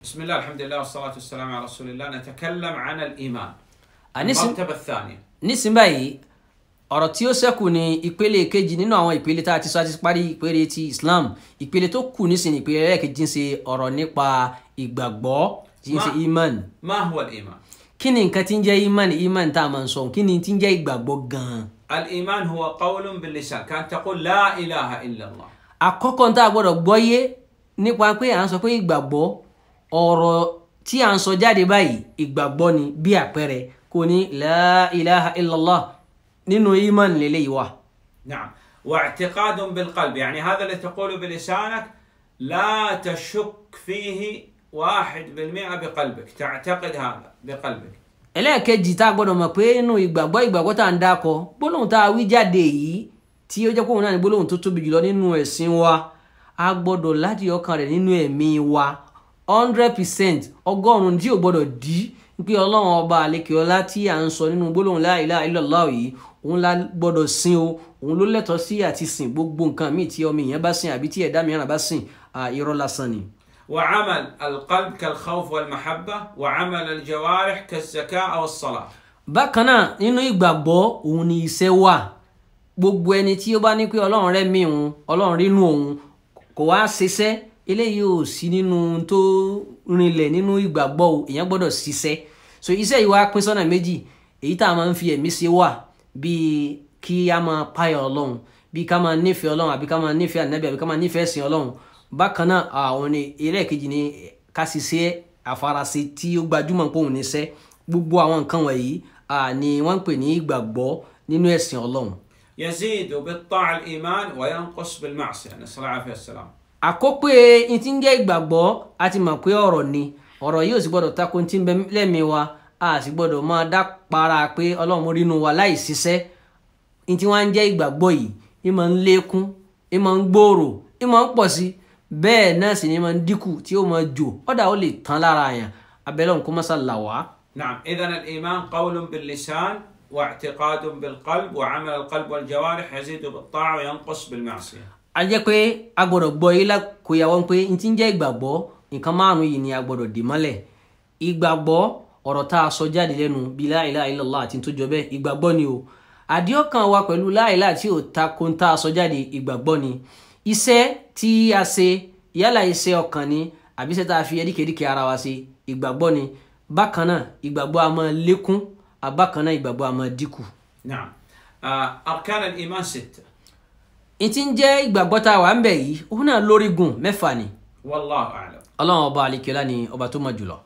بسم الله الحمد لله والصلاة والسلام على رسول الله نتكلم عن الإيمان المرتبة الثانية nísìn báyìí ọ̀rọ̀ tí ó ṣẹ́kù ni ìpele kejì nínú àwọn ìpele tá a ti sọ àti parí ìpele ti Islam ìpele tó kù nísìn ìpele ẹlẹ́ẹ̀kejì ń ṣe ọ̀rọ̀ nípa ìgbàgbọ́ tí ń ṣe iman. ma huwa al-iman. kí ni nǹkan tí ń jẹ́ iman iman tá a máa ń sọ kí ni tí ń jẹ́ ìgbàgbọ́ gan-an. al-iman huwa qawlun bil-lisan kan taqul la ilaha illallah. àkọ́kọ́ ń tá a gbọ́dọ̀ gbọ́yé nípa pé à ń sọ pé ìgbàgbọ́ ọ̀rọ̀ tí a ń sọ jáde báyìí ìgbàgbọ́ ni bí àpẹẹrẹ kò ní la ilaha illallah nínú iman lélẹ̀ yìí wà. Na'am. واعتقاد بالقلب يعني هذا اللي تقوله بلسانك لا تشك فيه واحد بالمئة بقلبك تعتقد هذا بقلبك ẹlẹ́ẹ̀kejì tá a gbọ́dọ̀ mọ̀ pé inú ìgbàgbọ́ ìgbàgbọ́ tá à ń dákọ gbólóhùn tá a wí jáde yìí tí ó jẹ́ kóhùn náà ní gbólóhùn tó tóbi jùlọ nínú ẹ̀sìn wa a gbọ́dọ̀ láti ọkàn rẹ̀ nínú ẹ̀mí wa hundred percent ọgọ́rùn-ún tí ò gbọ́dọ̀ dí pé ọlọ́run ọba àlekèọlá tí à ń sọ nínú gbólóhùn la ilaha yìí òun la gbọ́dọ̀ sìn o òun ló lẹ́tọ̀ọ́ sí àti sìn gbogbo nǹkan míì tí ọmọ èèyàn bá sìn àbí tí ẹ̀dá mìíràn bá sìn irọ́ lásán ni. وعمل القلب كالخوف والمحبة وعمل الجوارح كالزكاة والصلاة. bákan náà nínú ìgbàgbọ́ òun ni iṣẹ́ wà gbogbo ẹni tí ó bá ní pé ọlọ́run rẹ̀ mí òun ọlọ́run rínú òun kò wá ṣiṣẹ́ eléyìí ò sí nínú tó rinlẹ̀ nínú ìgbàgbọ́ o èèyàn gbọ́dọ̀ ṣiṣẹ́ so iṣẹ́ yìí wá pín sọ́nà méjì èyí tá a máa ń fi ẹ̀mí ṣe wà bíi kí a máa páyà ọlọ́run bíi ká máa nífẹ̀ẹ́ ọlọ́run àbí ká máa nífẹ̀ẹ́ ànábì àbí ká máa nífẹ̀ẹ́ sìn ọlọ́run bákan náà àwọn ni eré kejì ni ká ṣiṣẹ́ àfarasí tí ó gbajúmọ̀ pé òun níṣẹ́ gbogbo àwọn nǹkan wọ̀nyí ni wọ́n ń pè ní ìgbàgbọ́ nínú ẹ̀sìn ọlọ́run. yazidu bi ta'al iman wa yanqus bil ma'siyah nasalaam alayhi wa sallam àkópè ntí ń jẹ́ ìgbàgbọ́ a ti mọ̀ pé ọ̀rọ̀ ni ọ̀rọ̀ yìí ò sì gbọ́dọ̀ tako ntí ń bẹ lẹ́mìí wa a sì gbọ́dọ̀ máa dá para pé ọlọ́run rínú wa láì ṣiṣẹ́ ntí wọ́n á ń jẹ́ ìgbàgbọ́ yìí ì máa ń lékún ì máa ń gbòòrò ì máa ń pọ̀ sí bẹ́ẹ̀ náà sì ni máa ń dínkù tí ó máa jò ọ̀dà ó lè tán lára àyàn abẹ́lẹ́ òun kó má sàlà wá. Na'am, idhan al-iman qawlun bil-lisan واعتقاد بالقلب وعمل القلب والجوارح يزيد بالطاعة وينقص بالمعصية a jẹ́ pé a gbọ́dọ̀ gbọ́ yìí lákòyàwó pé n ti ń jẹ́ ìgbàgbọ́ nǹkan márùn yìí ni a gbọ́dọ̀ dì mọ́lẹ̀ ìgbàgbọ́ ọ̀rọ̀ tá a sọ jáde lẹ́nu bíi la ilaha àti tó jọ bẹ́ẹ̀ ìgbàgbọ́ ni o àdíọ́kàn wa pẹ̀lú la ilaha tí ò ta ko tá a sọ jáde ìgbàgbọ́ ni iṣẹ́ tí a ṣe yálà iṣẹ́ ọkàn ni àbí iṣẹ́ tá a fi ẹdíkèdíkè ara wa ṣe ìgbàgbọ́ ni bákan náà ìgbàgbọ́ a máa lékún àbákan náà ìgbàgbọ́ a máa dínkù. Naam, ah, arkan al-iman sitta ìtí ń jẹ́ ìgbàgbọ́ tá a wà ń bẹ̀ yìí òun náà lórígun mẹ́fà ni. wallahu a'lam. ọlọ́run ọba àlekèlá ni ọba tó mọ̀ jùlọ.